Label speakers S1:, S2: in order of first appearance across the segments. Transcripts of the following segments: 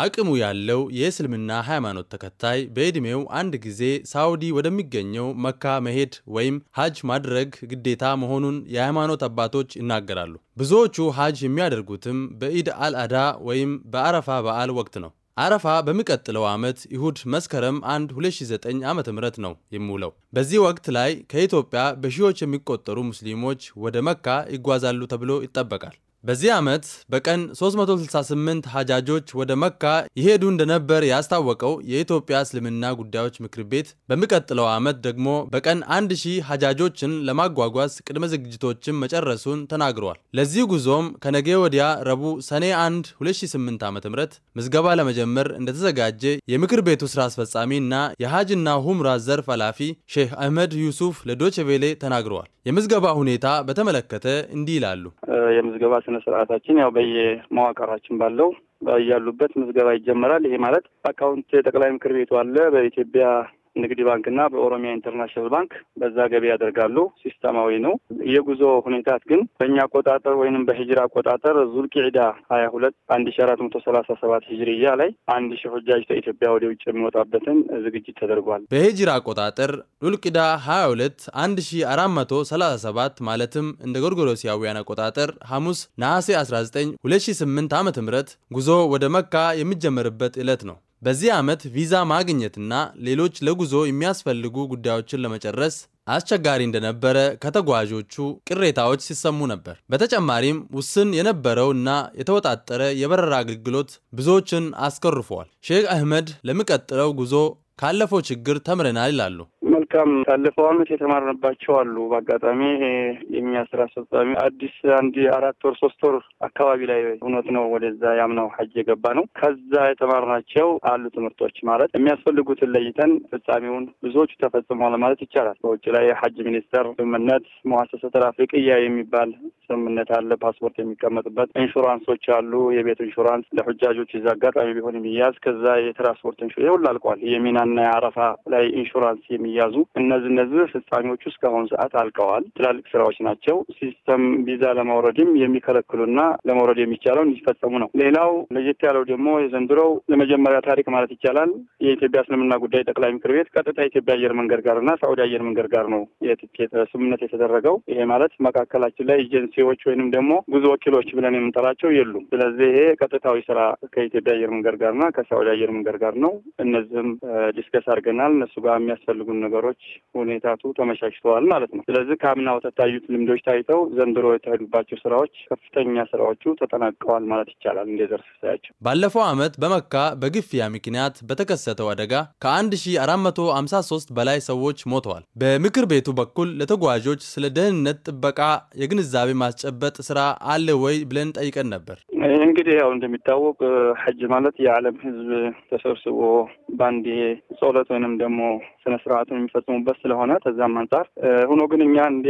S1: አቅሙ ያለው የእስልምና ሃይማኖት ተከታይ በዕድሜው አንድ ጊዜ ሳውዲ ወደሚገኘው መካ መሄድ ወይም ሀጅ ማድረግ ግዴታ መሆኑን የሃይማኖት አባቶች ይናገራሉ። ብዙዎቹ ሀጅ የሚያደርጉትም በኢድ አልአዳ ወይም በአረፋ በዓል ወቅት ነው። አረፋ በሚቀጥለው ዓመት ይሁድ መስከረም 1 2009 ዓ ም ነው የሚውለው። በዚህ ወቅት ላይ ከኢትዮጵያ በሺዎች የሚቆጠሩ ሙስሊሞች ወደ መካ ይጓዛሉ ተብሎ ይጠበቃል። በዚህ ዓመት በቀን 368 ሀጃጆች ወደ መካ ይሄዱ እንደነበር ያስታወቀው የኢትዮጵያ እስልምና ጉዳዮች ምክር ቤት በሚቀጥለው ዓመት ደግሞ በቀን 1000 ሀጃጆችን ለማጓጓዝ ቅድመ ዝግጅቶችን መጨረሱን ተናግሯል። ለዚህ ጉዞም ከነገ ወዲያ ረቡዕ ሰኔ 1 2008 ዓ ም ምዝገባ ለመጀመር እንደተዘጋጀ የምክር ቤቱ ሥራ አስፈጻሚ እና የሀጅና ሁምራ ዘርፍ ኃላፊ ሼህ አህመድ ዩሱፍ ለዶችቬሌ ተናግረዋል። የምዝገባ ሁኔታ በተመለከተ እንዲህ ይላሉ።
S2: የምዝገባ ስነ ስርዓታችን ያው በየመዋቅራችን ባለው ያሉበት ምዝገባ ይጀመራል። ይሄ ማለት አካውንት ጠቅላይ ምክር ቤቱ አለ በኢትዮጵያ ንግድ ባንክና በኦሮሚያ ኢንተርናሽናል ባንክ በዛ ገቢ ያደርጋሉ። ሲስተማዊ ነው። የጉዞ ሁኔታት ግን በእኛ አቆጣጠር ወይም በሂጅራ አቆጣጠር ዙልቂዕዳ ሀያ ሁለት አንድ ሺ አራት መቶ ሰላሳ ሰባት ሂጅርያ ላይ አንድ ሺ ሁጃጅ ከኢትዮጵያ ወደ ውጭ የሚወጣበትን ዝግጅት ተደርጓል።
S1: በሂጅራ አቆጣጠር ዱልቂዳ ሀያ ሁለት አንድ ሺ አራት መቶ ሰላሳ ሰባት ማለትም እንደ ጎርጎሮሲያውያን አቆጣጠር ሐሙስ ነሐሴ አስራ ዘጠኝ ሁለት ሺ ስምንት ዓመተ ምህረት ጉዞ ወደ መካ የሚጀመርበት ዕለት ነው። በዚህ ዓመት ቪዛ ማግኘትና ሌሎች ለጉዞ የሚያስፈልጉ ጉዳዮችን ለመጨረስ አስቸጋሪ እንደነበረ ከተጓዦቹ ቅሬታዎች ሲሰሙ ነበር። በተጨማሪም ውስን የነበረው እና የተወጣጠረ የበረራ አገልግሎት ብዙዎችን አስከርፏል። ሼክ አህመድ ለሚቀጥለው ጉዞ ካለፈው ችግር ተምረናል ይላሉ።
S2: መልካም ካለፈው ዓመት የተማርንባቸው አሉ። በአጋጣሚ የኛ ስራ አስፈጻሚ አዲስ አንድ አራት ወር ሶስት ወር አካባቢ ላይ እውነት ነው ወደዛ ያምነው ሀጅ የገባ ነው። ከዛ የተማርናቸው አሉ ትምህርቶች ማለት የሚያስፈልጉትን ለይተን ፍጻሜውን ብዙዎቹ ተፈጽመዋል ማለት ይቻላል። በውጭ ላይ የሀጅ ሚኒስቴር ስምምነት መዋሰሰ የሚባል ስምምነት አለ፣ ፓስፖርት የሚቀመጥበት ኢንሹራንሶች አሉ። የቤት ኢንሹራንስ ለሁጃጆች እዚ አጋጣሚ ቢሆን የሚያዝ ከዛ የትራንስፖርት ኢንሹ ሁሉ አልቋል። የሚናና የአረፋ ላይ ኢንሹራንስ የሚያዙ እነዚህ እነዚህ ፍጻሜዎቹ እስካሁን ሰዓት አልቀዋል። ትላልቅ ስራዎች ናቸው። ሲስተም ቪዛ ለማውረድም የሚከለክሉና ለመውረድ የሚቻለው እንዲፈጸሙ ነው። ሌላው ለየት ያለው ደግሞ የዘንድሮው ለመጀመሪያ ታሪክ ማለት ይቻላል የኢትዮጵያ እስልምና ጉዳይ ጠቅላይ ምክር ቤት ቀጥታ ኢትዮጵያ አየር መንገድ ጋር እና ሳዑዲ አየር መንገድ ጋር ነው ስምምነት የተደረገው። ይሄ ማለት መካከላችን ላይ ኤጀንሲ ኤምባሲዎች ወይንም ደግሞ ጉዞ ወኪሎች ብለን የምንጠራቸው የሉም። ስለዚህ ይሄ ቀጥታዊ ስራ ከኢትዮጵያ አየር መንገድ ጋርና ከሳውዲ አየር መንገድ ጋር ነው። እነዚህም ዲስከስ አድርገናል። እነሱ ጋር የሚያስፈልጉን ነገሮች ሁኔታቱ ተመቻችተዋል ማለት ነው። ስለዚህ ከአምናው ተታዩት ልምዶች ታይተው ዘንድሮ የተሄዱባቸው ስራዎች ከፍተኛ ስራዎቹ ተጠናቀዋል ማለት ይቻላል። እንደ ዘርስ ሳያቸው
S1: ባለፈው አመት በመካ በግፊያ ምክንያት በተከሰተው አደጋ ከ1453 በላይ ሰዎች ሞተዋል። በምክር ቤቱ በኩል ለተጓዦች ስለ ደህንነት ጥበቃ የግንዛቤ የማስጨበጥ ስራ አለ ወይ ብለን ጠይቀን ነበር።
S2: እንግዲህ ያው እንደሚታወቅ ሐጅ ማለት የዓለም ሕዝብ ተሰብስቦ በአንድ ጸሎት ወይንም ደግሞ ስነ ስርዓቱን የሚፈጽሙበት ስለሆነ ከዛም አንጻር ሆኖ ግን እኛ እንደ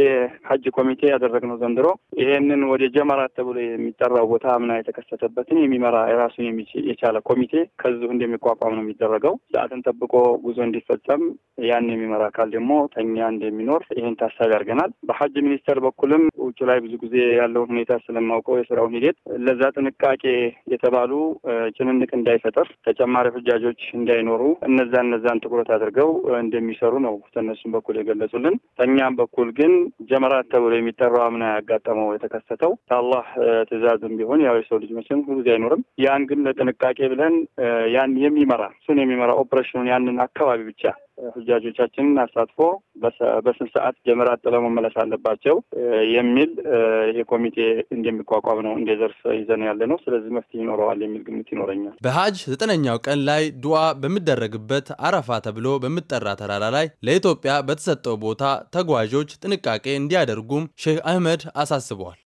S2: ሐጅ ኮሚቴ ያደረግነው ዘንድሮ ይሄንን ወደ ጀመራት ተብሎ የሚጠራው ቦታ ምና የተከሰተበትን የሚመራ የራሱን የቻለ ኮሚቴ ከዚሁ እንደሚቋቋም ነው የሚደረገው። ሰዓትን ጠብቆ ጉዞ እንዲፈጸም ያን የሚመራ አካል ደግሞ ተኛ እንደሚኖር ይህን ታሳቢ አድርገናል። በሐጅ ሚኒስቴር በኩልም ውጭ ላይ ብዙ ጊዜ ያለውን ሁኔታ ስለማውቀው የስራውን ሂደት ለዛ ጥንቃቄ የተባሉ ጭንንቅ እንዳይፈጠር ተጨማሪ ፍጃጆች እንዳይኖሩ እነዛን እነዛን ትኩረት አድርገው እንደሚሰሩ ነው ከእነሱም በኩል የገለጹልን። ከእኛም በኩል ግን ጀመራት ተብሎ የሚጠራው አምና ያጋጠመው የተከሰተው ከአላህ ትዕዛዝም ቢሆን ያው የሰው ልጅ መቼም ሁሉ አይኖርም። ያን ግን ለጥንቃቄ ብለን ያን የሚመራ እሱን የሚመራ ኦፕሬሽኑን ያንን አካባቢ ብቻ ህጃጆቻችንን አሳትፎ በስንት ሰዓት ጀመራት ጥለው መመለስ አለባቸው የሚል ይሄ ኮሚቴ እንደሚቋቋም ነው እንደ ዘርፍ ይዘን ያለ ነው። ስለዚህ መፍትሄ ይኖረዋል የሚል ግምት ይኖረኛል።
S1: በሀጅ ዘጠነኛው ቀን ላይ ዱዓ በሚደረግበት አረፋ ተብሎ በሚጠራ ተራራ ላይ ለኢትዮጵያ በተሰጠው ቦታ ተጓዦች ጥንቃቄ እንዲያደርጉም ሼህ አህመድ አሳስበዋል።